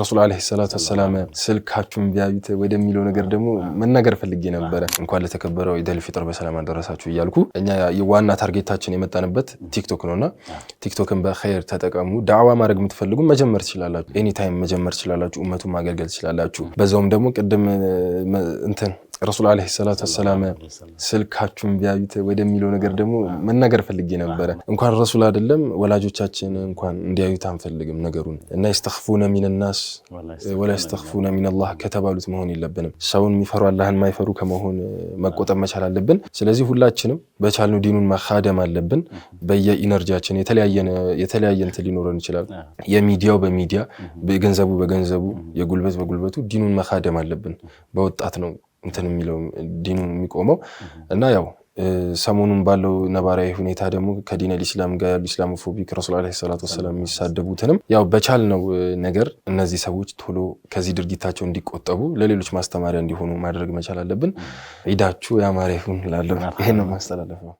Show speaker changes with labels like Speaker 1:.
Speaker 1: ረሱል ዓለይሂ ሰላቱ ወሰላም ስልካችሁን ቢያዩት ወደሚለው ነገር ደግሞ መናገር ፈልጌ ነበረ። እንኳን ለተከበረው ኢደል ፊጥር በሰላም አደረሳችሁ እያልኩ እኛ ዋና ታርጌታችን የመጣንበት ቲክቶክ ነውና ቲክቶክን በኸይር ተጠቀሙ። ዳዕዋ ማድረግ የምትፈልጉ መጀመር ትችላላችሁ። ኤኒታይም መጀመር ትችላላችሁ። እመቱ ማገልገል ትችላላችሁ። በዛውም ደግሞ ቅድም እንትን ረሱል ዓለይሂ ሰላቱ ወሰላም ስልካችሁን ቢያዩት ወደሚለው ነገር ደግሞ መናገር ፈልጌ ነበረ። እንኳን ረሱል አይደለም ወላጆቻችን እንኳን እንዲያዩት አንፈልግም ነገሩን እና የስተኽፉነ ሚንናስ ወላ የስተኽፉነ ሚንላህ ከተባሉት መሆን የለብንም። ሰውን የሚፈሩ አላህን ማይፈሩ ከመሆን መቆጠብ መቻል አለብን። ስለዚህ ሁላችንም በቻልነው ዲኑን መካደም አለብን። በየኢነርጂያችን የተለያየ እንትን ሊኖረን ይችላል። የሚዲያው በሚዲያ ገንዘቡ በገንዘቡ የጉልበት በጉልበቱ ዲኑን መካደም አለብን። በወጣት ነው እንትን የሚለው ዲኑ የሚቆመው እና ያው ሰሞኑን ባለው ነባራዊ ሁኔታ ደግሞ ከዲን ልስላም ጋር ያሉ ኢስላሞፎቢክ ረሱል ዐለይሂ ሰላቱ ወሰላም የሚሳደቡትንም ያው በቻልነው ነገር እነዚህ ሰዎች ቶሎ ከዚህ ድርጊታቸው እንዲቆጠቡ ለሌሎች ማስተማሪያ እንዲሆኑ ማድረግ መቻል አለብን። ዒዳችሁ ያማረ ይሁን እላለሁ። ይህን ማስተላለፍ ነው።